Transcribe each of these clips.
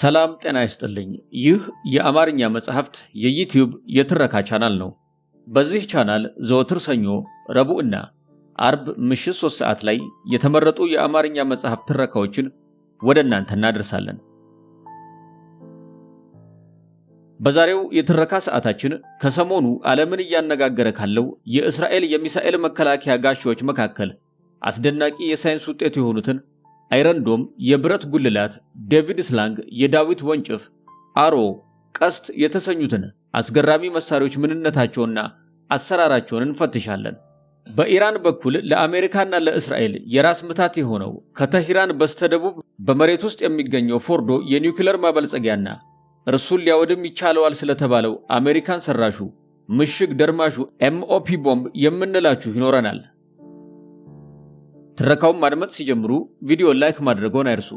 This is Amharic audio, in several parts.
ሰላም ጤና ይስጥልኝ። ይህ የአማርኛ መጽሐፍት የዩትዩብ የትረካ ቻናል ነው። በዚህ ቻናል ዘወትር ሰኞ፣ ረቡዕና አርብ ምሽት 3 ሰዓት ላይ የተመረጡ የአማርኛ መጽሐፍ ትረካዎችን ወደ እናንተ እናደርሳለን። በዛሬው የትረካ ሰዓታችን ከሰሞኑ ዓለምን እያነጋገረ ካለው የእስራኤል የሚሳኤል መከላከያ ጋሻዎች መካከል አስደናቂ የሳይንስ ውጤት የሆኑትን አይረንዶም፣ የብረት ጉልላት፣ ዴቪድ ስላንግ፣ የዳዊት ወንጭፍ፣ አሮ፣ ቀስት የተሰኙትን አስገራሚ መሳሪያዎች ምንነታቸውና አሰራራቸውን እንፈትሻለን። በኢራን በኩል ለአሜሪካና ለእስራኤል የራስ ምታት የሆነው ከተሂራን በስተደቡብ በመሬት ውስጥ የሚገኘው ፎርዶ የኒውክለር ማበልጸጊያና እርሱን ሊያወድም ይቻለዋል ስለተባለው አሜሪካን ሰራሹ ምሽግ ደርማሹ ኤምኦፒ ቦምብ የምንላችሁ ይኖረናል። ትረካውን ማድመጥ ሲጀምሩ ቪዲዮ ላይክ ማድረግዎን አይርሱ።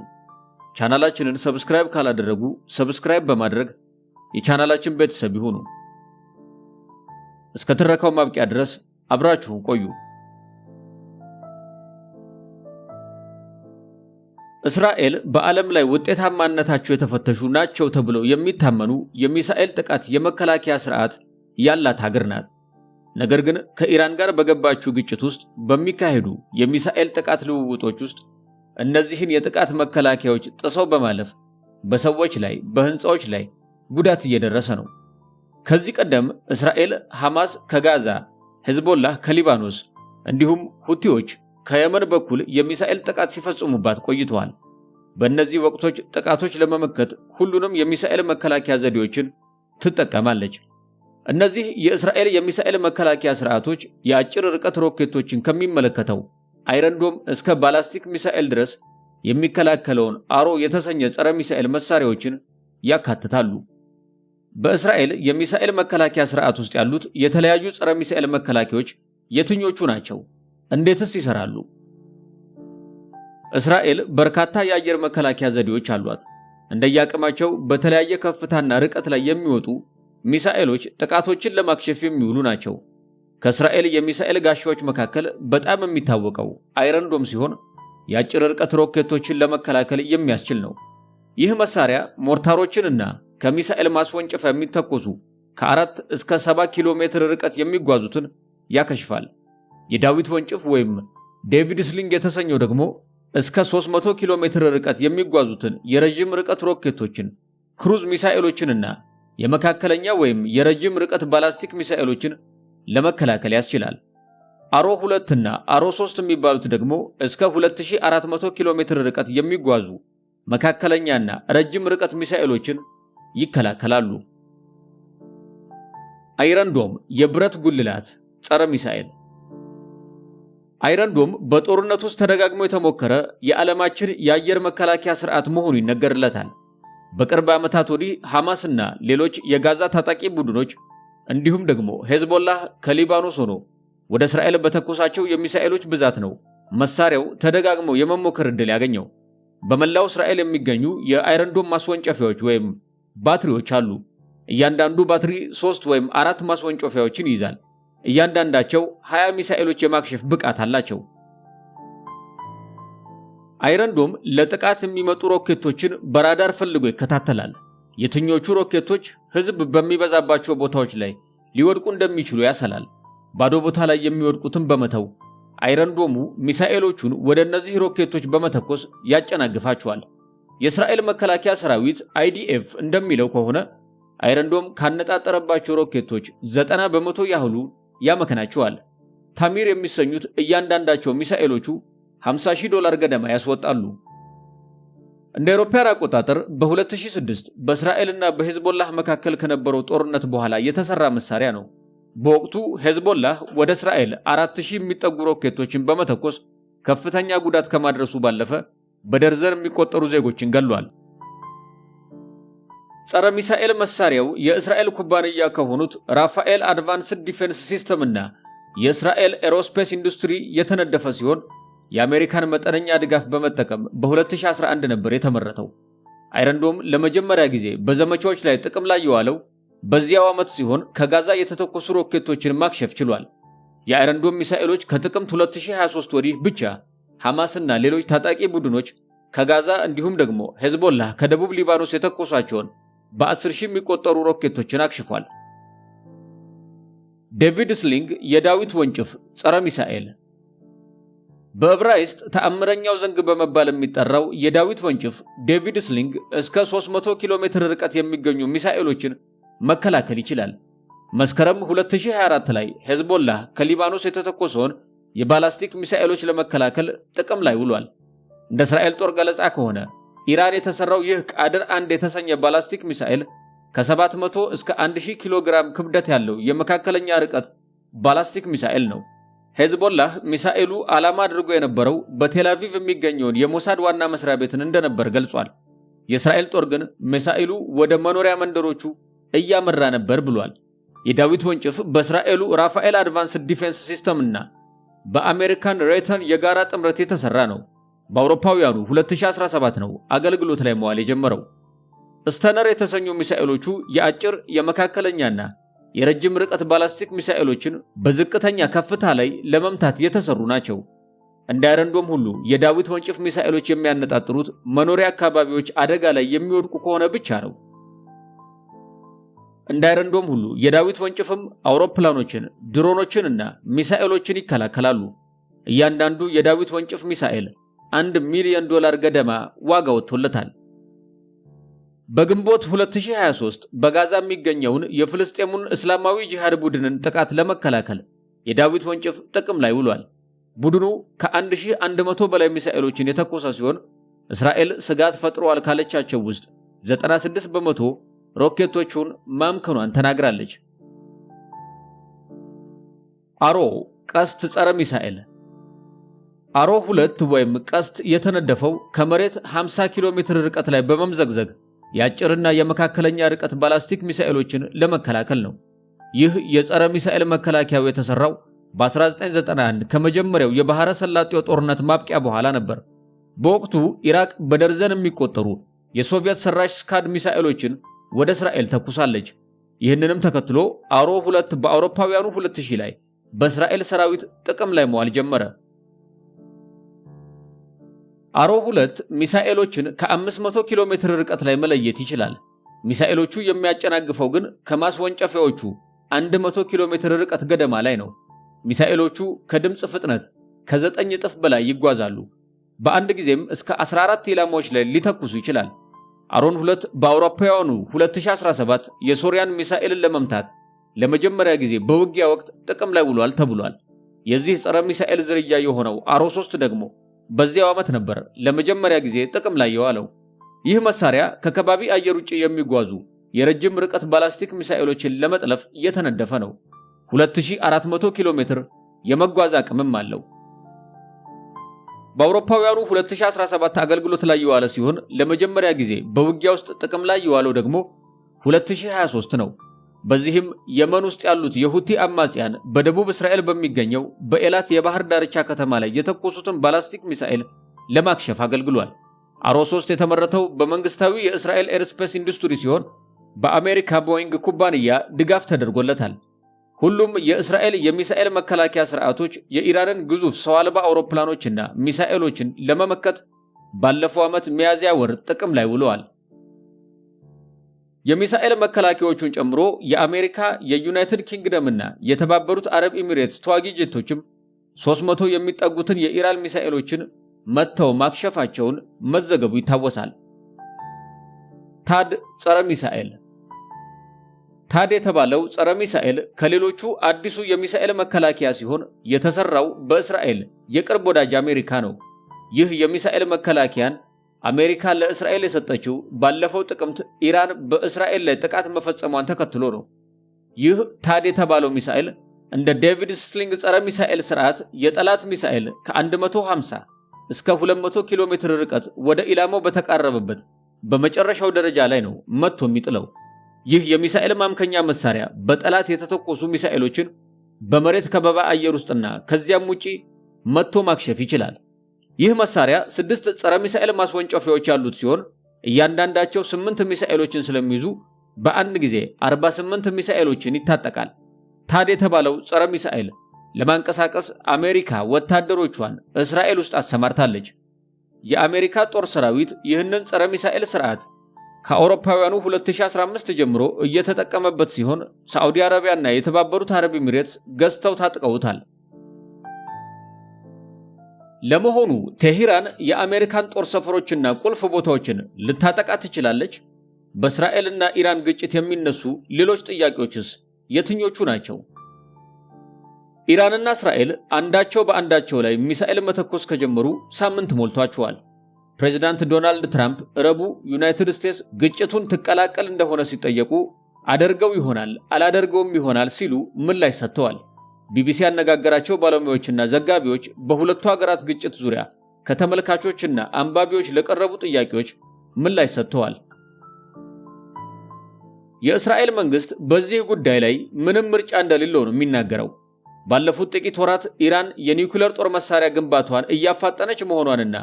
ቻናላችንን ሰብስክራይብ ካላደረጉ ሰብስክራይብ በማድረግ የቻናላችን ቤተሰብ ይሁኑ። እስከ ትረካው ማብቂያ ድረስ አብራችሁን ቆዩ። እስራኤል በዓለም ላይ ውጤታማነታቸው የተፈተሹ ናቸው ተብለው የሚታመኑ የሚሳኤል ጥቃት የመከላከያ ስርዓት ያላት ሀገር ናት። ነገር ግን ከኢራን ጋር በገባችው ግጭት ውስጥ በሚካሄዱ የሚሳኤል ጥቃት ልውውጦች ውስጥ እነዚህን የጥቃት መከላከያዎች ጥሰው በማለፍ በሰዎች ላይ በህንፃዎች ላይ ጉዳት እየደረሰ ነው። ከዚህ ቀደም እስራኤል ሐማስ ከጋዛ፣ ሄዝቦላህ ከሊባኖስ እንዲሁም ሁቲዎች ከየመን በኩል የሚሳኤል ጥቃት ሲፈጽሙባት ቆይተዋል። በእነዚህ ወቅቶች ጥቃቶች ለመመከት ሁሉንም የሚሳኤል መከላከያ ዘዴዎችን ትጠቀማለች። እነዚህ የእስራኤል የሚሳኤል መከላከያ ስርዓቶች የአጭር ርቀት ሮኬቶችን ከሚመለከተው አይረንዶም እስከ ባላስቲክ ሚሳኤል ድረስ የሚከላከለውን አሮ የተሰኘ ጸረ ሚሳኤል መሳሪያዎችን ያካትታሉ። በእስራኤል የሚሳኤል መከላከያ ስርዓት ውስጥ ያሉት የተለያዩ ጸረ ሚሳኤል መከላከያዎች የትኞቹ ናቸው? እንዴትስ ይሰራሉ? እስራኤል በርካታ የአየር መከላከያ ዘዴዎች አሏት። እንደየአቅማቸው በተለያየ ከፍታና ርቀት ላይ የሚወጡ ሚሳኤሎች ጥቃቶችን ለማክሸፍ የሚውሉ ናቸው። ከእስራኤል የሚሳኤል ጋሻዎች መካከል በጣም የሚታወቀው አይረንዶም ሲሆን የአጭር ርቀት ሮኬቶችን ለመከላከል የሚያስችል ነው። ይህ መሳሪያ ሞርታሮችንና ከሚሳኤል ማስወንጨፍ የሚተኮሱ ከአራት እስከ ሰባ ኪሎ ሜትር ርቀት የሚጓዙትን ያከሽፋል። የዳዊት ወንጭፍ ወይም ዴቪድ ስሊንግ የተሰኘው ደግሞ እስከ 300 ኪሎ ሜትር ርቀት የሚጓዙትን የረዥም ርቀት ሮኬቶችን፣ ክሩዝ ሚሳኤሎችንና የመካከለኛ ወይም የረጅም ርቀት ባላስቲክ ሚሳኤሎችን ለመከላከል ያስችላል። አሮ 2 እና አሮ 3 የሚባሉት ደግሞ እስከ 2400 ኪሎ ሜትር ርቀት የሚጓዙ መካከለኛና ረጅም ርቀት ሚሳኤሎችን ይከላከላሉ። አይረንዶም የብረት ጉልላት ጸረ ሚሳኤል አይረንዶም በጦርነት ውስጥ ተደጋግሞ የተሞከረ የዓለማችን የአየር መከላከያ ስርዓት መሆኑ ይነገርለታል። በቅርብ ዓመታት ወዲህ ሐማስና ሌሎች የጋዛ ታጣቂ ቡድኖች እንዲሁም ደግሞ ሄዝቦላህ ከሊባኖስ ሆኖ ወደ እስራኤል በተኮሳቸው የሚሳኤሎች ብዛት ነው መሳሪያው ተደጋግሞ የመሞከር ዕድል ያገኘው። በመላው እስራኤል የሚገኙ የአይረንዶም ማስወንጨፊያዎች ወይም ባትሪዎች አሉ። እያንዳንዱ ባትሪ ሶስት ወይም አራት ማስወንጨፊያዎችን ይይዛል። እያንዳንዳቸው 20 ሚሳኤሎች የማክሸፍ ብቃት አላቸው። አይረንዶም ለጥቃት የሚመጡ ሮኬቶችን በራዳር ፈልጎ ይከታተላል። የትኞቹ ሮኬቶች ሕዝብ በሚበዛባቸው ቦታዎች ላይ ሊወድቁ እንደሚችሉ ያሰላል። ባዶ ቦታ ላይ የሚወድቁትን በመተው አይረንዶሙ ሚሳኤሎቹን ወደ እነዚህ ሮኬቶች በመተኮስ ያጨናግፋቸዋል። የእስራኤል መከላከያ ሰራዊት አይዲኤፍ እንደሚለው ከሆነ አይረንዶም ካነጣጠረባቸው ሮኬቶች ዘጠና በመቶ ያህሉ ያመከናቸዋል። ታሚር የሚሰኙት እያንዳንዳቸው ሚሳኤሎቹ 50 ሺህ ዶላር ገደማ ያስወጣሉ። እንደ አውሮፓውያን አቆጣጠር በ2006 በእስራኤልና በሄዝቦላህ መካከል ከነበረው ጦርነት በኋላ የተሰራ መሳሪያ ነው። በወቅቱ ሄዝቦላህ ወደ እስራኤል 4000 የሚጠጉ ሮኬቶችን በመተኮስ ከፍተኛ ጉዳት ከማድረሱ ባለፈ በደርዘን የሚቆጠሩ ዜጎችን ገሏል። ጸረ ሚሳኤል መሳሪያው የእስራኤል ኩባንያ ከሆኑት ራፋኤል አድቫንስድ ዲፌንስ ሲስተም የእስራኤል ኤሮስፔስ ኢንዱስትሪ የተነደፈ ሲሆን የአሜሪካን መጠነኛ ድጋፍ በመጠቀም በ2011 ነበር የተመረተው። አይረንዶም ለመጀመሪያ ጊዜ በዘመቻዎች ላይ ጥቅም ላይ የዋለው በዚያው ዓመት ሲሆን ከጋዛ የተተኮሱ ሮኬቶችን ማክሸፍ ችሏል። የአይረንዶም ሚሳኤሎች ከጥቅምት 2023 ወዲህ ብቻ ሐማስና ሌሎች ታጣቂ ቡድኖች ከጋዛ እንዲሁም ደግሞ ሄዝቦላህ ከደቡብ ሊባኖስ የተኮሷቸውን በ10 ሺህ የሚቆጠሩ ሮኬቶችን አክሽፏል። ዴቪድ ስሊንግ የዳዊት ወንጭፍ ጸረ ሚሳኤል በዕብራይስጥ ተአምረኛው ዘንግ በመባል የሚጠራው የዳዊት ወንጭፍ ዴቪድ ስሊንግ እስከ 300 ኪሎ ሜትር ርቀት የሚገኙ ሚሳኤሎችን መከላከል ይችላል። መስከረም 2024 ላይ ሄዝቦላህ ከሊባኖስ የተተኮሰውን የባላስቲክ ሚሳኤሎች ለመከላከል ጥቅም ላይ ውሏል። እንደ እስራኤል ጦር ገለጻ ከሆነ ኢራን የተሰራው ይህ ቃድር አንድ የተሰኘ ባላስቲክ ሚሳኤል ከ700 እስከ 1000 ኪሎ ግራም ክብደት ያለው የመካከለኛ ርቀት ባላስቲክ ሚሳኤል ነው። ሄዝቦላህ ሚሳኤሉ ዓላማ አድርጎ የነበረው በቴላቪቭ የሚገኘውን የሞሳድ ዋና መስሪያ ቤትን እንደነበር ገልጿል። የእስራኤል ጦር ግን ሚሳኤሉ ወደ መኖሪያ መንደሮቹ እያመራ ነበር ብሏል። የዳዊት ወንጭፍ በእስራኤሉ ራፋኤል አድቫንስ ዲፌንስ ሲስተም እና በአሜሪካን ሬተን የጋራ ጥምረት የተሰራ ነው። በአውሮፓውያኑ 2017 ነው አገልግሎት ላይ መዋል የጀመረው። ስተነር የተሰኙ ሚሳኤሎቹ የአጭር የመካከለኛና የረጅም ርቀት ባላስቲክ ሚሳኤሎችን በዝቅተኛ ከፍታ ላይ ለመምታት የተሰሩ ናቸው። እንደ ሁሉ የዳዊት ወንጭፍ ሚሳኤሎች የሚያነጣጥሩት መኖሪያ አካባቢዎች አደጋ ላይ የሚወድቁ ከሆነ ብቻ ነው። እንደ ሁሉ የዳዊት ወንጭፍም አውሮፕላኖችን፣ ድሮኖችንና ሚሳኤሎችን ይከላከላሉ። እያንዳንዱ የዳዊት ወንጭፍ ሚሳኤል አንድ ሚሊዮን ዶላር ገደማ ዋጋ ወጥቶለታል። በግንቦት 2023 በጋዛ የሚገኘውን የፍልስጤሙን እስላማዊ ጂሃድ ቡድንን ጥቃት ለመከላከል የዳዊት ወንጭፍ ጥቅም ላይ ውሏል። ቡድኑ ከ1100 በላይ ሚሳኤሎችን የተኮሰ ሲሆን እስራኤል ስጋት ፈጥሯል ካለቻቸው ውስጥ 96 በመቶ ሮኬቶቹን ማምከኗን ተናግራለች። አሮ ቀስት ጸረ ሚሳኤል አሮ ሁለት ወይም ቀስት የተነደፈው ከመሬት 50 ኪሎ ሜትር ርቀት ላይ በመምዘግዘግ የአጭርና የመካከለኛ ርቀት ባላስቲክ ሚሳኤሎችን ለመከላከል ነው። ይህ የጸረ ሚሳኤል መከላከያው የተሰራው በ1991 ከመጀመሪያው የባህረ ሰላጤው ጦርነት ማብቂያ በኋላ ነበር። በወቅቱ ኢራቅ በደርዘን የሚቆጠሩ የሶቪየት ሰራሽ ስካድ ሚሳኤሎችን ወደ እስራኤል ተኩሳለች። ይህንንም ተከትሎ አሮ 2 በአውሮፓውያኑ 2000 ላይ በእስራኤል ሰራዊት ጥቅም ላይ መዋል ጀመረ። አሮ ሁለት ሚሳኤሎችን ከ500 ኪሎ ሜትር ርቀት ላይ መለየት ይችላል። ሚሳኤሎቹ የሚያጨናግፈው ግን ከማስወንጨፊያዎቹ 100 ኪሎ ሜትር ርቀት ገደማ ላይ ነው። ሚሳኤሎቹ ከድምፅ ፍጥነት ከዘጠኝ እጥፍ በላይ ይጓዛሉ። በአንድ ጊዜም እስከ 14 ኢላማዎች ላይ ሊተኩሱ ይችላል። አሮን ሁለት በአውሮፓውያኑ 2017 የሶሪያን ሚሳኤልን ለመምታት ለመጀመሪያ ጊዜ በውጊያ ወቅት ጥቅም ላይ ውሏል ተብሏል። የዚህ ጸረ ሚሳኤል ዝርያ የሆነው አሮ 3 ደግሞ በዚያው ዓመት ነበር ለመጀመሪያ ጊዜ ጥቅም ላይ የዋለው። ይህ መሳሪያ ከከባቢ አየር ውጭ የሚጓዙ የረጅም ርቀት ባላስቲክ ሚሳኤሎችን ለመጥለፍ እየተነደፈ ነው። 2400 ኪሎ ሜትር የመጓዝ አቅምም አለው። በአውሮፓውያኑ 2017 አገልግሎት ላይ የዋለ ሲሆን ለመጀመሪያ ጊዜ በውጊያ ውስጥ ጥቅም ላይ የዋለው ደግሞ 2023 ነው። በዚህም የመን ውስጥ ያሉት የሁቲ አማጽያን በደቡብ እስራኤል በሚገኘው በኤላት የባህር ዳርቻ ከተማ ላይ የተኮሱትን ባላስቲክ ሚሳኤል ለማክሸፍ አገልግሏል። አሮ 3 የተመረተው በመንግስታዊ የእስራኤል ኤርስፔስ ኢንዱስትሪ ሲሆን በአሜሪካ ቦይንግ ኩባንያ ድጋፍ ተደርጎለታል። ሁሉም የእስራኤል የሚሳኤል መከላከያ ስርዓቶች የኢራንን ግዙፍ ሰው አልባ አውሮፕላኖችና ሚሳኤሎችን ለመመከት ባለፈው ዓመት ሚያዝያ ወር ጥቅም ላይ ውለዋል። የሚሳኤል መከላከያዎቹን ጨምሮ የአሜሪካ የዩናይትድ ኪንግደም እና የተባበሩት አረብ ኤሚሬትስ ተዋጊ ጀቶችም 300 የሚጠጉትን የኢራን ሚሳኤሎችን መጥተው ማክሸፋቸውን መዘገቡ ይታወሳል። ታድ ጸረ ሚሳኤል ታድ የተባለው ጸረ ሚሳኤል ከሌሎቹ አዲሱ የሚሳኤል መከላከያ ሲሆን የተሰራው በእስራኤል የቅርብ ወዳጅ አሜሪካ ነው። ይህ የሚሳኤል መከላከያን አሜሪካ ለእስራኤል የሰጠችው ባለፈው ጥቅምት ኢራን በእስራኤል ላይ ጥቃት መፈጸሟን ተከትሎ ነው። ይህ ታድ የተባለው ሚሳኤል እንደ ዴቪድ ስሊንግ ጸረ ሚሳኤል ስርዓት የጠላት ሚሳኤል ከ150 እስከ 200 ኪሎ ሜትር ርቀት ወደ ኢላማው በተቃረበበት በመጨረሻው ደረጃ ላይ ነው መጥቶ የሚጥለው። ይህ የሚሳኤል ማምከኛ መሳሪያ በጠላት የተተኮሱ ሚሳኤሎችን በመሬት ከበባ አየር ውስጥና ከዚያም ውጪ መጥቶ ማክሸፍ ይችላል። ይህ መሳሪያ ስድስት ጸረ ሚሳኤል ማስወንጨፊያዎች ያሉት ሲሆን እያንዳንዳቸው ስምንት ሚሳኤሎችን ስለሚይዙ በአንድ ጊዜ 48 ሚሳኤሎችን ይታጠቃል። ታድ የተባለው ጸረ ሚሳኤል ለማንቀሳቀስ አሜሪካ ወታደሮቿን እስራኤል ውስጥ አሰማርታለች። የአሜሪካ ጦር ሰራዊት ይህንን ጸረ ሚሳኤል ስርዓት ከአውሮፓውያኑ 2015 ጀምሮ እየተጠቀመበት ሲሆን ሳዑዲ አረቢያና የተባበሩት አረብ ኤሚሬትስ ገዝተው ታጥቀውታል። ለመሆኑ ቴሄራን የአሜሪካን ጦር ሰፈሮችና ቁልፍ ቦታዎችን ልታጠቃ ትችላለች? በእስራኤልና ኢራን ግጭት የሚነሱ ሌሎች ጥያቄዎችስ የትኞቹ ናቸው? ኢራንና እስራኤል አንዳቸው በአንዳቸው ላይ ሚሳኤል መተኮስ ከጀመሩ ሳምንት ሞልቷቸዋል። ፕሬዚዳንት ዶናልድ ትራምፕ ረቡዕ ዩናይትድ ስቴትስ ግጭቱን ትቀላቀል እንደሆነ ሲጠየቁ አደርገው ይሆናል አላደርገውም ይሆናል ሲሉ ምላሽ ሰጥተዋል። ቢቢሲ ያነጋገራቸው ባለሙያዎችና ዘጋቢዎች በሁለቱ ሀገራት ግጭት ዙሪያ ከተመልካቾችና አንባቢዎች ለቀረቡ ጥያቄዎች ምላሽ ሰጥተዋል። የእስራኤል መንግስት በዚህ ጉዳይ ላይ ምንም ምርጫ እንደሌለው ነው የሚናገረው። ባለፉት ጥቂት ወራት ኢራን የኒውክሌር ጦር መሳሪያ ግንባቷን እያፋጠነች መሆኗንና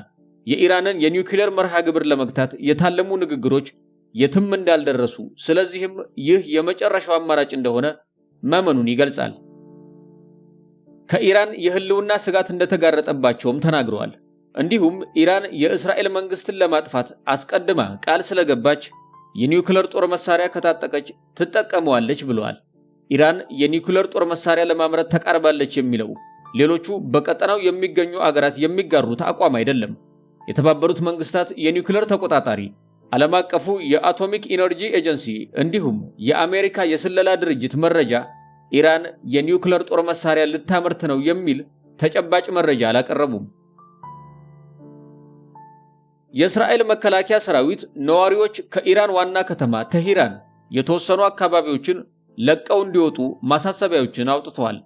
የኢራንን የኒውክሌር መርሃ ግብር ለመግታት የታለሙ ንግግሮች የትም እንዳልደረሱ፣ ስለዚህም ይህ የመጨረሻው አማራጭ እንደሆነ መመኑን ይገልጻል። ከኢራን የህልውና ስጋት እንደተጋረጠባቸውም ተናግረዋል። እንዲሁም ኢራን የእስራኤል መንግስትን ለማጥፋት አስቀድማ ቃል ስለገባች የኒውክለር ጦር መሳሪያ ከታጠቀች ትጠቀመዋለች ብለዋል። ኢራን የኒውክለር ጦር መሳሪያ ለማምረት ተቃርባለች የሚለው ሌሎቹ በቀጠናው የሚገኙ አገራት የሚጋሩት አቋም አይደለም። የተባበሩት መንግስታት የኒውክለር ተቆጣጣሪ፣ ዓለም አቀፉ የአቶሚክ ኢነርጂ ኤጀንሲ እንዲሁም የአሜሪካ የስለላ ድርጅት መረጃ ኢራን የኒውክለር ጦር መሳሪያ ልታመርት ነው የሚል ተጨባጭ መረጃ አላቀረቡም። የእስራኤል መከላከያ ሰራዊት ነዋሪዎች ከኢራን ዋና ከተማ ተሂራን የተወሰኑ አካባቢዎችን ለቀው እንዲወጡ ማሳሰቢያዎችን አውጥተዋል።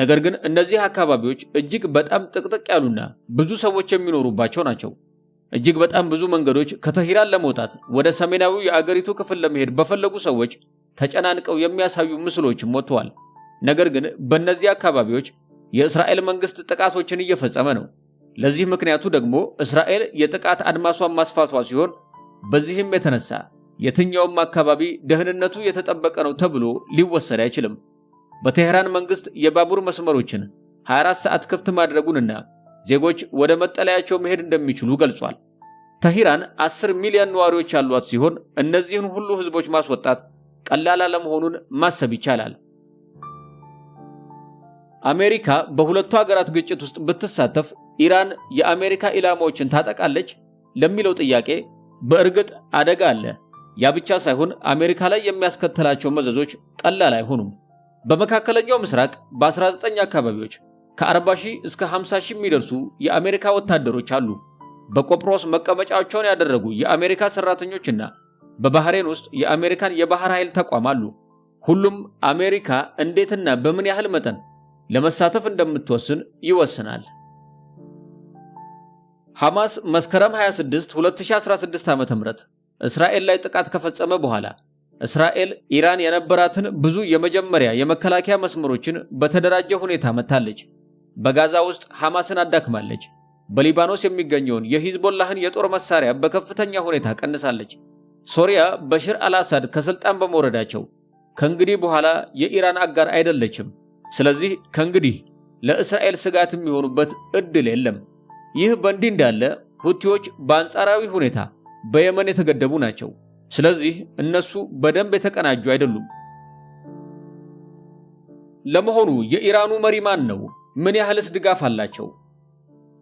ነገር ግን እነዚህ አካባቢዎች እጅግ በጣም ጥቅጥቅ ያሉና ብዙ ሰዎች የሚኖሩባቸው ናቸው። እጅግ በጣም ብዙ መንገዶች ከተሂራን ለመውጣት ወደ ሰሜናዊው የአገሪቱ ክፍል ለመሄድ በፈለጉ ሰዎች ተጨናንቀው የሚያሳዩ ምስሎችም ወጥተዋል። ነገር ግን በእነዚህ አካባቢዎች የእስራኤል መንግስት ጥቃቶችን እየፈጸመ ነው። ለዚህ ምክንያቱ ደግሞ እስራኤል የጥቃት አድማሷን ማስፋቷ ሲሆን በዚህም የተነሳ የትኛውም አካባቢ ደህንነቱ የተጠበቀ ነው ተብሎ ሊወሰድ አይችልም። በቴህራን መንግስት የባቡር መስመሮችን 24 ሰዓት ክፍት ማድረጉንና ዜጎች ወደ መጠለያቸው መሄድ እንደሚችሉ ገልጿል። ተሂራን 10 ሚሊዮን ነዋሪዎች ያሏት ሲሆን እነዚህን ሁሉ ህዝቦች ማስወጣት ቀላል አለመሆኑን ማሰብ ይቻላል። አሜሪካ በሁለቱ ሀገራት ግጭት ውስጥ ብትሳተፍ ኢራን የአሜሪካ ኢላማዎችን ታጠቃለች ለሚለው ጥያቄ በእርግጥ አደጋ አለ። ያ ብቻ ሳይሆን አሜሪካ ላይ የሚያስከተላቸው መዘዞች ቀላል አይሆኑም። በመካከለኛው ምስራቅ በ19 አካባቢዎች ከ40 ሺህ እስከ 50 ሺህ የሚደርሱ የአሜሪካ ወታደሮች አሉ። በቆጵሮስ መቀመጫቸውን ያደረጉ የአሜሪካ ሰራተኞችና በባህሬን ውስጥ የአሜሪካን የባህር ኃይል ተቋም አሉ። ሁሉም አሜሪካ እንዴትና በምን ያህል መጠን ለመሳተፍ እንደምትወስን ይወስናል። ሐማስ መስከረም 26 2016 ዓ ም እስራኤል ላይ ጥቃት ከፈጸመ በኋላ እስራኤል ኢራን የነበራትን ብዙ የመጀመሪያ የመከላከያ መስመሮችን በተደራጀ ሁኔታ መታለች። በጋዛ ውስጥ ሐማስን አዳክማለች። በሊባኖስ የሚገኘውን የሂዝቦላህን የጦር መሳሪያ በከፍተኛ ሁኔታ ቀንሳለች። ሶሪያ በሽር አልአሳድ ከስልጣን በመውረዳቸው ከእንግዲህ በኋላ የኢራን አጋር አይደለችም። ስለዚህ ከእንግዲህ ለእስራኤል ስጋት የሚሆኑበት እድል የለም። ይህ በእንዲህ እንዳለ ሁቲዎች በአንጻራዊ ሁኔታ በየመን የተገደቡ ናቸው። ስለዚህ እነሱ በደንብ የተቀናጁ አይደሉም። ለመሆኑ የኢራኑ መሪ ማን ነው? ምን ያህልስ ድጋፍ አላቸው?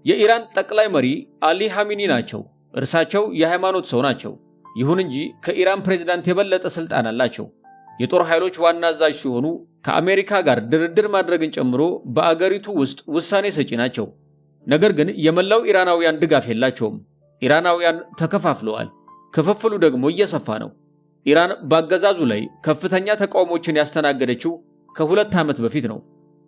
የኢራን ጠቅላይ መሪ አሊ ሐሚኒ ናቸው። እርሳቸው የሃይማኖት ሰው ናቸው። ይሁን እንጂ ከኢራን ፕሬዚዳንት የበለጠ ስልጣን አላቸው። የጦር ኃይሎች ዋና አዛዥ ሲሆኑ ከአሜሪካ ጋር ድርድር ማድረግን ጨምሮ በአገሪቱ ውስጥ ውሳኔ ሰጪ ናቸው። ነገር ግን የመላው ኢራናውያን ድጋፍ የላቸውም። ኢራናውያን ተከፋፍለዋል። ክፍፍሉ ደግሞ እየሰፋ ነው። ኢራን በአገዛዙ ላይ ከፍተኛ ተቃውሞችን ያስተናገደችው ከሁለት ዓመት በፊት ነው።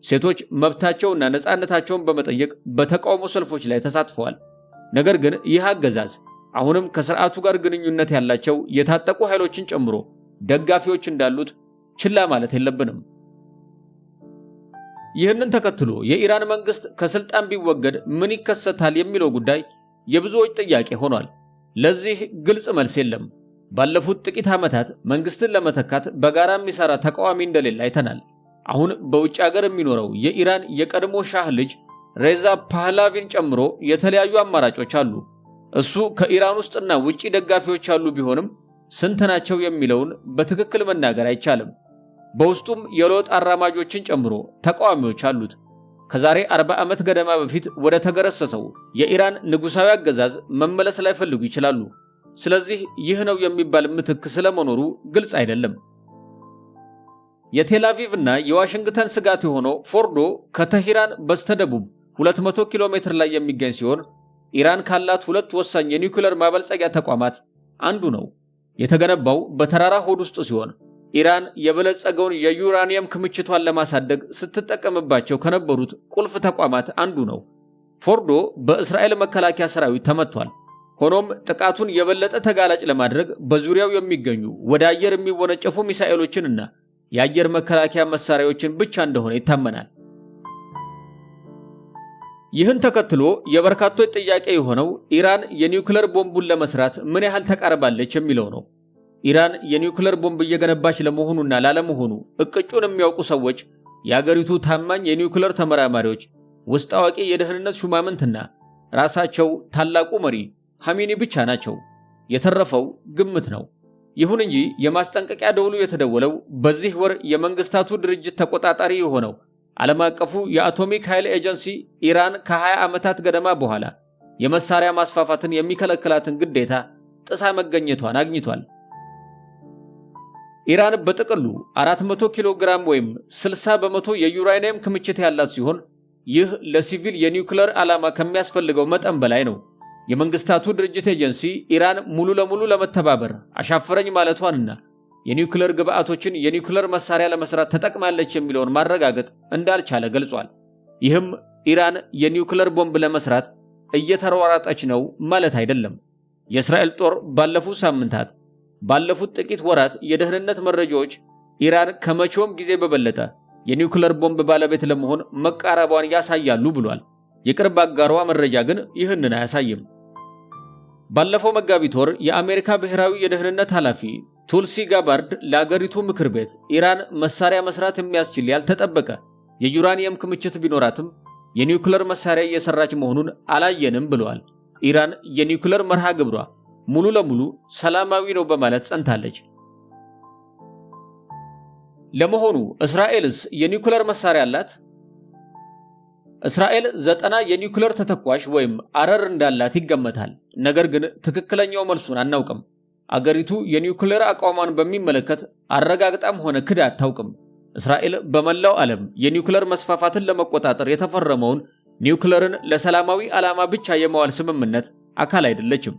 ሴቶች መብታቸውና ነፃነታቸውን በመጠየቅ በተቃውሞ ሰልፎች ላይ ተሳትፈዋል። ነገር ግን ይህ አገዛዝ አሁንም ከስርዓቱ ጋር ግንኙነት ያላቸው የታጠቁ ኃይሎችን ጨምሮ ደጋፊዎች እንዳሉት ችላ ማለት የለብንም። ይህንን ተከትሎ የኢራን መንግስት ከስልጣን ቢወገድ ምን ይከሰታል የሚለው ጉዳይ የብዙዎች ጥያቄ ሆኗል። ለዚህ ግልጽ መልስ የለም። ባለፉት ጥቂት ዓመታት መንግስትን ለመተካት በጋራ የሚሰራ ተቃዋሚ እንደሌለ አይተናል። አሁን በውጭ አገር የሚኖረው የኢራን የቀድሞ ሻህ ልጅ ሬዛ ፓህላቪን ጨምሮ የተለያዩ አማራጮች አሉ። እሱ ከኢራን ውስጥና ውጪ ደጋፊዎች አሉ ቢሆንም ስንት ናቸው የሚለውን በትክክል መናገር አይቻልም። በውስጡም የሎጥ አራማጆችን ጨምሮ ተቃዋሚዎች አሉት። ከዛሬ 40 ዓመት ገደማ በፊት ወደ ተገረሰሰው የኢራን ንጉሳዊ አገዛዝ መመለስ ላይፈልጉ ይችላሉ። ስለዚህ ይህ ነው የሚባል ምትክ ስለመኖሩ ግልጽ አይደለም። የቴላቪቭ እና የዋሽንግተን ስጋት የሆነው ፎርዶ ከተሂራን በስተደቡብ 200 ኪሎ ሜትር ላይ የሚገኝ ሲሆን ኢራን ካላት ሁለት ወሳኝ የኒውክለር ማበልጸጊያ ተቋማት አንዱ ነው። የተገነባው በተራራ ሆድ ውስጥ ሲሆን ኢራን የበለጸገውን የዩራኒየም ክምችቷን ለማሳደግ ስትጠቀምባቸው ከነበሩት ቁልፍ ተቋማት አንዱ ነው። ፎርዶ በእስራኤል መከላከያ ሰራዊት ተመቷል። ሆኖም ጥቃቱን የበለጠ ተጋላጭ ለማድረግ በዙሪያው የሚገኙ ወደ አየር የሚወነጨፉ ሚሳኤሎችንና የአየር መከላከያ መሳሪያዎችን ብቻ እንደሆነ ይታመናል። ይህን ተከትሎ የበርካቶች ጥያቄ የሆነው ኢራን የኒውክለር ቦምቡን ለመስራት ምን ያህል ተቃርባለች የሚለው ነው። ኢራን የኒውክለር ቦምብ እየገነባች ለመሆኑና ላለመሆኑ እቅጩን የሚያውቁ ሰዎች፣ የአገሪቱ ታማኝ የኒውክለር ተመራማሪዎች፣ ውስጥ አዋቂ የደህንነት ሹማምንትና ራሳቸው ታላቁ መሪ ሐሚኒ ብቻ ናቸው። የተረፈው ግምት ነው። ይሁን እንጂ የማስጠንቀቂያ ደውሉ የተደወለው በዚህ ወር የመንግስታቱ ድርጅት ተቆጣጣሪ የሆነው ዓለም አቀፉ የአቶሚክ ኃይል ኤጀንሲ ኢራን ከ20 ዓመታት ገደማ በኋላ የመሳሪያ ማስፋፋትን የሚከለክላትን ግዴታ ጥሳ መገኘቷን አግኝቷል። ኢራን በጥቅሉ 400 ኪሎ ግራም ወይም 60 በመቶ የዩራኒየም ክምችት ያላት ሲሆን ይህ ለሲቪል የኒውክለር ዓላማ ከሚያስፈልገው መጠን በላይ ነው። የመንግስታቱ ድርጅት ኤጀንሲ ኢራን ሙሉ ለሙሉ ለመተባበር አሻፈረኝ ማለቷንና የኒውክለር ግብአቶችን የኒውክለር መሳሪያ ለመስራት ተጠቅማለች የሚለውን ማረጋገጥ እንዳልቻለ ገልጿል። ይህም ኢራን የኒውክለር ቦምብ ለመስራት እየተሯሯጠች ነው ማለት አይደለም። የእስራኤል ጦር ባለፉት ሳምንታት፣ ባለፉት ጥቂት ወራት የደህንነት መረጃዎች ኢራን ከመቼውም ጊዜ በበለጠ የኒውክለር ቦምብ ባለቤት ለመሆን መቃረቧን ያሳያሉ ብሏል። የቅርብ አጋሯ መረጃ ግን ይህንን አያሳይም። ባለፈው መጋቢት ወር የአሜሪካ ብሔራዊ የደህንነት ኃላፊ ቱልሲ ጋባርድ ለአገሪቱ ምክር ቤት ኢራን መሳሪያ መስራት የሚያስችል ያልተጠበቀ የዩራኒየም ክምችት ቢኖራትም የኒውክለር መሳሪያ እየሰራች መሆኑን አላየንም ብለዋል። ኢራን የኒውክለር መርሃ ግብሯ ሙሉ ለሙሉ ሰላማዊ ነው በማለት ጸንታለች። ለመሆኑ እስራኤልስ የኒውክለር መሳሪያ አላት? እስራኤል ዘጠና የኒውክለር ተተኳሽ ወይም አረር እንዳላት ይገመታል። ነገር ግን ትክክለኛው መልሱን አናውቅም። አገሪቱ የኒውክሌር አቋሟን በሚመለከት አረጋግጣም ሆነ ክዳ አታውቅም። እስራኤል በመላው ዓለም የኒውክሌር መስፋፋትን ለመቆጣጠር የተፈረመውን ኒውክሌርን ለሰላማዊ ዓላማ ብቻ የመዋል ስምምነት አካል አይደለችም።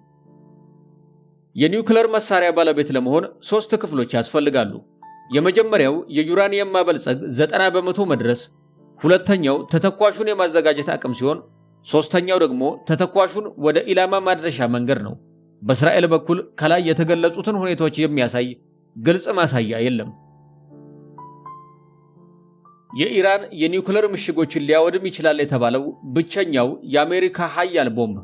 የኒውክሌር መሳሪያ ባለቤት ለመሆን ሦስት ክፍሎች ያስፈልጋሉ። የመጀመሪያው የዩራኒየም ማበልጸግ ዘጠና በመቶ መድረስ፣ ሁለተኛው ተተኳሹን የማዘጋጀት አቅም ሲሆን፣ ሦስተኛው ደግሞ ተተኳሹን ወደ ኢላማ ማድረሻ መንገድ ነው። በእስራኤል በኩል ከላይ የተገለጹትን ሁኔታዎች የሚያሳይ ግልጽ ማሳያ የለም። የኢራን የኒውክለር ምሽጎችን ሊያወድም ይችላል የተባለው ብቸኛው የአሜሪካ ኃያል ቦምብ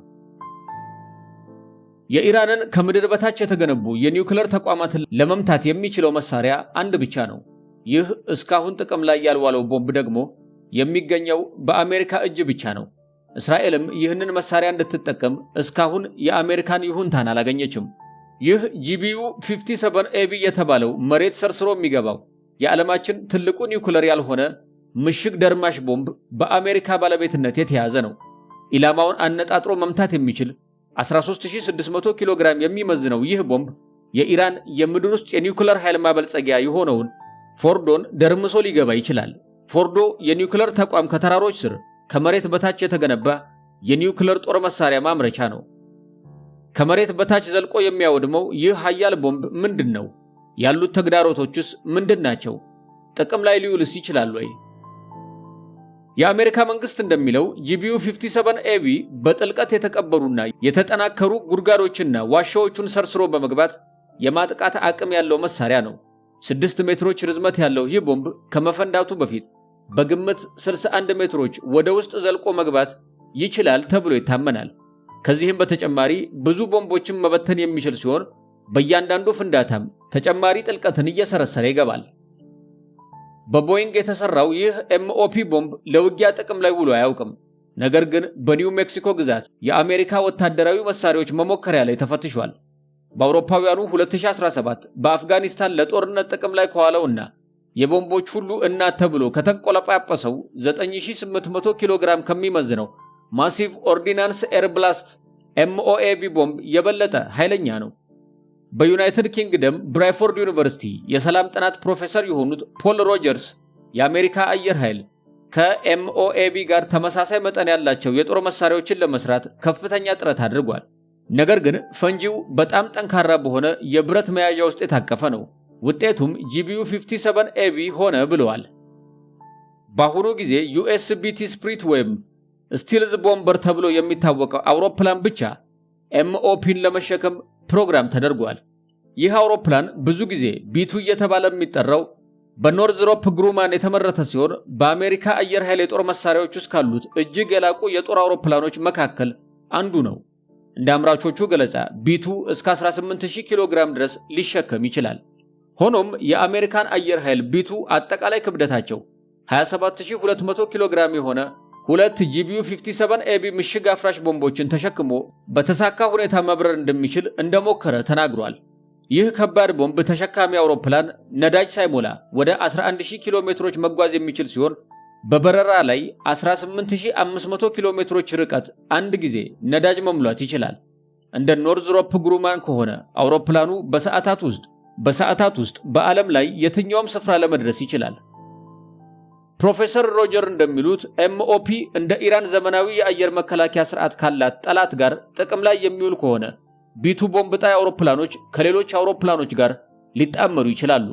የኢራንን ከምድር በታች የተገነቡ የኒውክለር ተቋማትን ለመምታት የሚችለው መሳሪያ አንድ ብቻ ነው። ይህ እስካሁን ጥቅም ላይ ያልዋለው ቦምብ ደግሞ የሚገኘው በአሜሪካ እጅ ብቻ ነው። እስራኤልም ይህንን መሳሪያ እንድትጠቀም እስካሁን የአሜሪካን ይሁንታን አላገኘችም። ይህ ጂቢዩ 57 ኤቢ የተባለው መሬት ሰርስሮ የሚገባው የዓለማችን ትልቁ ኒውክለር ያልሆነ ምሽግ ደርማሽ ቦምብ በአሜሪካ ባለቤትነት የተያዘ ነው። ኢላማውን አነጣጥሮ መምታት የሚችል 13600 ኪሎ ግራም የሚመዝነው ይህ ቦምብ የኢራን የምድር ውስጥ የኒውክለር ኃይል ማበልጸጊያ የሆነውን ፎርዶን ደርምሶ ሊገባ ይችላል። ፎርዶ የኒውክለር ተቋም ከተራሮች ስር ከመሬት በታች የተገነባ የኒውክለር ጦር መሳሪያ ማምረቻ ነው። ከመሬት በታች ዘልቆ የሚያወድመው ይህ ኃያል ቦምብ ምንድን ነው? ያሉት ተግዳሮቶቹስ ምንድን ናቸው? ጥቅም ላይ ሊውልስ ይችላል ወይ? የአሜሪካ መንግስት እንደሚለው ጂቢዩ 57 ኤቪ በጥልቀት የተቀበሩና የተጠናከሩ ጉድጓዶችና ዋሻዎቹን ሰርስሮ በመግባት የማጥቃት አቅም ያለው መሳሪያ ነው። ስድስት ሜትሮች ርዝመት ያለው ይህ ቦምብ ከመፈንዳቱ በፊት በግምት 61 ሜትሮች ወደ ውስጥ ዘልቆ መግባት ይችላል ተብሎ ይታመናል። ከዚህም በተጨማሪ ብዙ ቦምቦችን መበተን የሚችል ሲሆን በእያንዳንዱ ፍንዳታም ተጨማሪ ጥልቀትን እየሰረሰረ ይገባል። በቦይንግ የተሰራው ይህ ኤምኦፒ ቦምብ ለውጊያ ጥቅም ላይ ውሎ አያውቅም። ነገር ግን በኒው ሜክሲኮ ግዛት የአሜሪካ ወታደራዊ መሳሪያዎች መሞከሪያ ላይ ተፈትሿል። በአውሮፓውያኑ 2017 በአፍጋኒስታን ለጦርነት ጥቅም ላይ ከዋለውና የቦምቦች ሁሉ እናት ተብሎ ከተንቆለጳጰሰው 9800 ኪሎ ግራም ከሚመዝነው ማሲቭ ኦርዲናንስ ኤርብላስት ኤምኦኤቢ ቦምብ የበለጠ ኃይለኛ ነው። በዩናይትድ ኪንግደም ብራይፎርድ ዩኒቨርሲቲ የሰላም ጥናት ፕሮፌሰር የሆኑት ፖል ሮጀርስ የአሜሪካ አየር ኃይል ከኤምኦኤቢ ጋር ተመሳሳይ መጠን ያላቸው የጦር መሳሪያዎችን ለመስራት ከፍተኛ ጥረት አድርጓል። ነገር ግን ፈንጂው በጣም ጠንካራ በሆነ የብረት መያዣ ውስጥ የታቀፈ ነው። ውጤቱም ጂቢዩ 57 ኤቢ ሆነ ብለዋል። በአሁኑ ጊዜ ዩኤስቢቲ ስፕሪት ወይም ስቲልዝ ቦምበር ተብሎ የሚታወቀው አውሮፕላን ብቻ ኤምኦፒን ለመሸከም ፕሮግራም ተደርጓል። ይህ አውሮፕላን ብዙ ጊዜ ቢቱ እየተባለ የሚጠራው በኖርዝሮፕ ግሩማን የተመረተ ሲሆን በአሜሪካ አየር ኃይል የጦር መሳሪያዎች ውስጥ ካሉት እጅግ የላቁ የጦር አውሮፕላኖች መካከል አንዱ ነው። እንደ አምራቾቹ ገለጻ ቢቱ እስከ 18000 ኪሎ ግራም ድረስ ሊሸከም ይችላል። ሆኖም የአሜሪካን አየር ኃይል ቢቱ አጠቃላይ ክብደታቸው 27200 ኪሎ ግራም የሆነ ሁለት ጂቢዩ 57 ኤቢ ምሽግ አፍራሽ ቦምቦችን ተሸክሞ በተሳካ ሁኔታ መብረር እንደሚችል እንደሞከረ ተናግሯል። ይህ ከባድ ቦምብ ተሸካሚ አውሮፕላን ነዳጅ ሳይሞላ ወደ 11000 ኪሎ ሜትሮች መጓዝ የሚችል ሲሆን በበረራ ላይ 18500 ኪሎ ሜትሮች ርቀት አንድ ጊዜ ነዳጅ መሙላት ይችላል። እንደ ኖርዝሮፕ ግሩማን ከሆነ አውሮፕላኑ በሰዓታት ውስጥ በሰዓታት ውስጥ በዓለም ላይ የትኛውም ስፍራ ለመድረስ ይችላል። ፕሮፌሰር ሮጀር እንደሚሉት ኤምኦፒ እንደ ኢራን ዘመናዊ የአየር መከላከያ ስርዓት ካላት ጠላት ጋር ጥቅም ላይ የሚውል ከሆነ ቢቱ ቦምብ ጣይ አውሮፕላኖች ከሌሎች አውሮፕላኖች ጋር ሊጣመሩ ይችላሉ።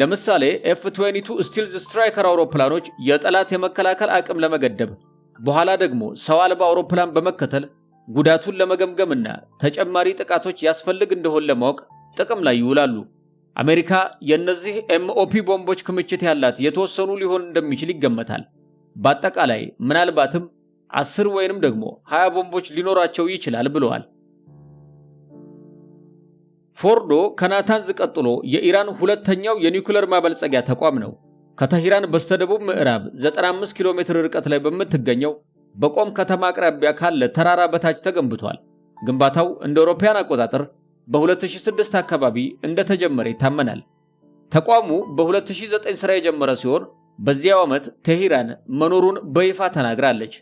ለምሳሌ ኤፍ 22 ስቲልዝ ስትራይከር አውሮፕላኖች የጠላት የመከላከል አቅም ለመገደብ በኋላ ደግሞ ሰው አልባ አውሮፕላን በመከተል ጉዳቱን ለመገምገምና ተጨማሪ ጥቃቶች ያስፈልግ እንደሆን ለማወቅ ጥቅም ላይ ይውላሉ። አሜሪካ የእነዚህ ኤምኦፒ ቦምቦች ክምችት ያላት የተወሰኑ ሊሆን እንደሚችል ይገመታል። በአጠቃላይ ምናልባትም አስር ወይንም ደግሞ ሀያ ቦምቦች ሊኖራቸው ይችላል ብለዋል። ፎርዶ ከናታንዝ ቀጥሎ የኢራን ሁለተኛው የኒውክለር ማበልጸጊያ ተቋም ነው። ከተሂራን በስተደቡብ ምዕራብ 95 ኪሎ ሜትር ርቀት ላይ በምትገኘው በቆም ከተማ አቅራቢያ ካለ ተራራ በታች ተገንብቷል። ግንባታው እንደ አውሮፓውያን አቆጣጠር በ2006 አካባቢ እንደተጀመረ ይታመናል። ተቋሙ በ2009 ሥራ የጀመረ ሲሆን በዚያው ዓመት ቴሄራን መኖሩን በይፋ ተናግራለች።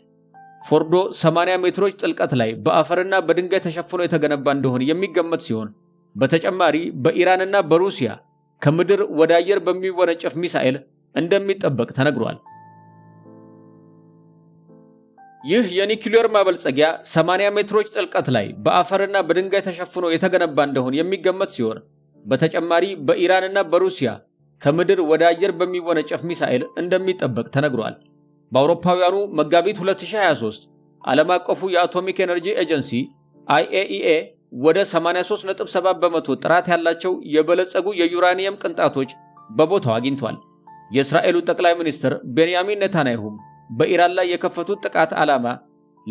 ፎርዶ 80 ሜትሮች ጥልቀት ላይ በአፈርና በድንጋይ ተሸፍኖ የተገነባ እንደሆነ የሚገመት ሲሆን በተጨማሪ በኢራንና በሩሲያ ከምድር ወደ አየር በሚወነጨፍ ሚሳኤል እንደሚጠበቅ ተነግሯል። ይህ የኒኩሌር ማበልጸጊያ 80 ሜትሮች ጥልቀት ላይ በአፈርና በድንጋይ ተሸፍኖ የተገነባ እንደሆን የሚገመት ሲሆን በተጨማሪ በኢራንና በሩሲያ ከምድር ወደ አየር በሚወነጨፍ ሚሳኤል እንደሚጠበቅ ተነግሯል። በአውሮፓውያኑ መጋቢት 2023 ዓለም አቀፉ የአቶሚክ ኤነርጂ ኤጀንሲ አይኤኢኤ ወደ 83.7 በመቶ ጥራት ያላቸው የበለጸጉ የዩራኒየም ቅንጣቶች በቦታው አግኝቷል። የእስራኤሉ ጠቅላይ ሚኒስትር ቤንያሚን ኔታንያሁም በኢራን ላይ የከፈቱት ጥቃት ዓላማ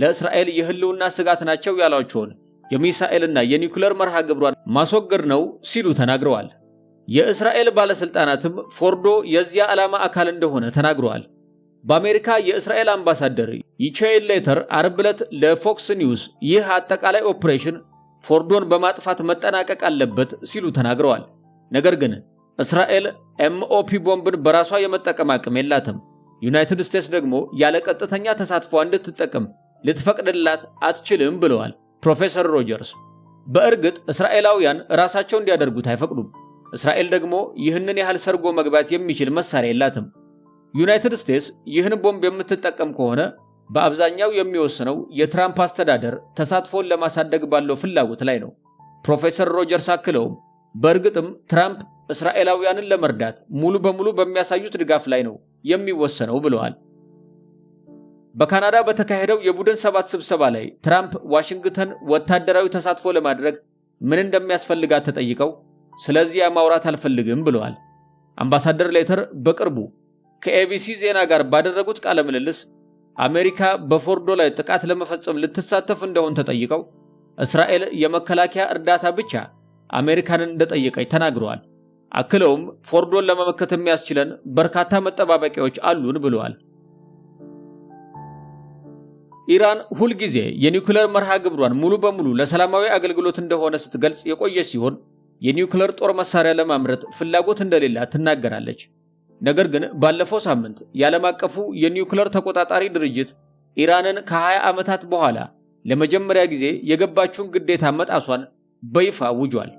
ለእስራኤል የህልውና ስጋት ናቸው ያሏቸውን የሚሳኤልና የኒውክለር መርሃ ግብሯን ማስወገድ ነው ሲሉ ተናግረዋል። የእስራኤል ባለሥልጣናትም ፎርዶ የዚያ ዓላማ አካል እንደሆነ ተናግረዋል። በአሜሪካ የእስራኤል አምባሳደር ይቻኤል ሌተር አርብ ዕለት ለፎክስ ኒውስ ይህ አጠቃላይ ኦፕሬሽን ፎርዶን በማጥፋት መጠናቀቅ አለበት ሲሉ ተናግረዋል። ነገር ግን እስራኤል ኤምኦፒ ቦምብን በራሷ የመጠቀም አቅም የላትም። ዩናይትድ ስቴትስ ደግሞ ያለ ቀጥተኛ ተሳትፎ እንድትጠቀም ልትፈቅድላት አትችልም ብለዋል ፕሮፌሰር ሮጀርስ። በእርግጥ እስራኤላውያን ራሳቸው እንዲያደርጉት አይፈቅዱም። እስራኤል ደግሞ ይህንን ያህል ሰርጎ መግባት የሚችል መሳሪያ የላትም። ዩናይትድ ስቴትስ ይህን ቦምብ የምትጠቀም ከሆነ በአብዛኛው የሚወስነው የትራምፕ አስተዳደር ተሳትፎን ለማሳደግ ባለው ፍላጎት ላይ ነው። ፕሮፌሰር ሮጀርስ አክለውም በእርግጥም ትራምፕ እስራኤላውያንን ለመርዳት ሙሉ በሙሉ በሚያሳዩት ድጋፍ ላይ ነው የሚወሰነው ብለዋል። በካናዳ በተካሄደው የቡድን ሰባት ስብሰባ ላይ ትራምፕ ዋሽንግተን ወታደራዊ ተሳትፎ ለማድረግ ምን እንደሚያስፈልጋት ተጠይቀው ስለዚያ ማውራት አልፈልግም ብለዋል። አምባሳደር ሌተር በቅርቡ ከኤቢሲ ዜና ጋር ባደረጉት ቃለ ምልልስ አሜሪካ በፎርዶ ላይ ጥቃት ለመፈጸም ልትሳተፍ እንደሆን ተጠይቀው እስራኤል የመከላከያ እርዳታ ብቻ አሜሪካንን እንደጠየቀች ተናግረዋል። አክለውም ፎርዶን ለመመከት የሚያስችለን በርካታ መጠባበቂያዎች አሉን ብለዋል። ኢራን ሁልጊዜ የኒውክለር መርሃ ግብሯን ሙሉ በሙሉ ለሰላማዊ አገልግሎት እንደሆነ ስትገልጽ የቆየ ሲሆን የኒውክለር ጦር መሳሪያ ለማምረት ፍላጎት እንደሌላ ትናገራለች። ነገር ግን ባለፈው ሳምንት የዓለም አቀፉ የኒውክለር ተቆጣጣሪ ድርጅት ኢራንን ከ20 ዓመታት በኋላ ለመጀመሪያ ጊዜ የገባችውን ግዴታ መጣሷን በይፋ አውጇል።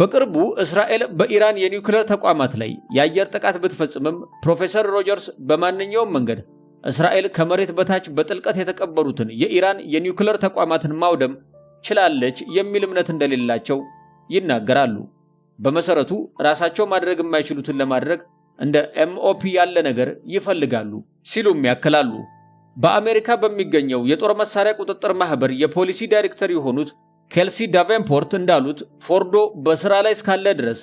በቅርቡ እስራኤል በኢራን የኒውክሌር ተቋማት ላይ የአየር ጥቃት ብትፈጽምም ፕሮፌሰር ሮጀርስ በማንኛውም መንገድ እስራኤል ከመሬት በታች በጥልቀት የተቀበሩትን የኢራን የኒውክሌር ተቋማትን ማውደም ችላለች የሚል እምነት እንደሌላቸው ይናገራሉ። በመሰረቱ ራሳቸው ማድረግ የማይችሉትን ለማድረግ እንደ ኤምኦፒ ያለ ነገር ይፈልጋሉ ሲሉም ያክላሉ። በአሜሪካ በሚገኘው የጦር መሳሪያ ቁጥጥር ማህበር የፖሊሲ ዳይሬክተር የሆኑት ኬልሲ ዳቨንፖርት እንዳሉት ፎርዶ በሥራ ላይ እስካለ ድረስ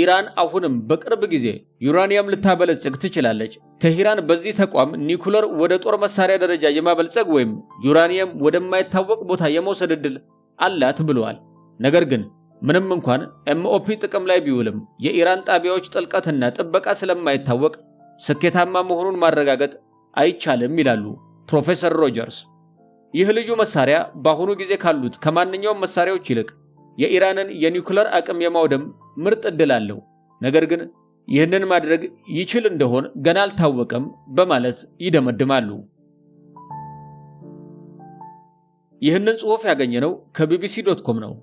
ኢራን አሁንም በቅርብ ጊዜ ዩራኒየም ልታበለጽግ ትችላለች። ቴህራን በዚህ ተቋም ኒኩለር ወደ ጦር መሳሪያ ደረጃ የማበልጸግ ወይም ዩራኒየም ወደማይታወቅ ቦታ የመውሰድ ዕድል አላት ብለዋል። ነገር ግን ምንም እንኳን ኤምኦፒ ጥቅም ላይ ቢውልም የኢራን ጣቢያዎች ጥልቀትና ጥበቃ ስለማይታወቅ ስኬታማ መሆኑን ማረጋገጥ አይቻልም ይላሉ ፕሮፌሰር ሮጀርስ። ይህ ልዩ መሳሪያ በአሁኑ ጊዜ ካሉት ከማንኛውም መሳሪያዎች ይልቅ የኢራንን የኒውክለር አቅም የማውደም ምርጥ ዕድል አለው። ነገር ግን ይህንን ማድረግ ይችል እንደሆን ገና አልታወቀም በማለት ይደመድማሉ። ይህንን ጽሑፍ ያገኘነው ከቢቢሲ ዶት ኮም ነው።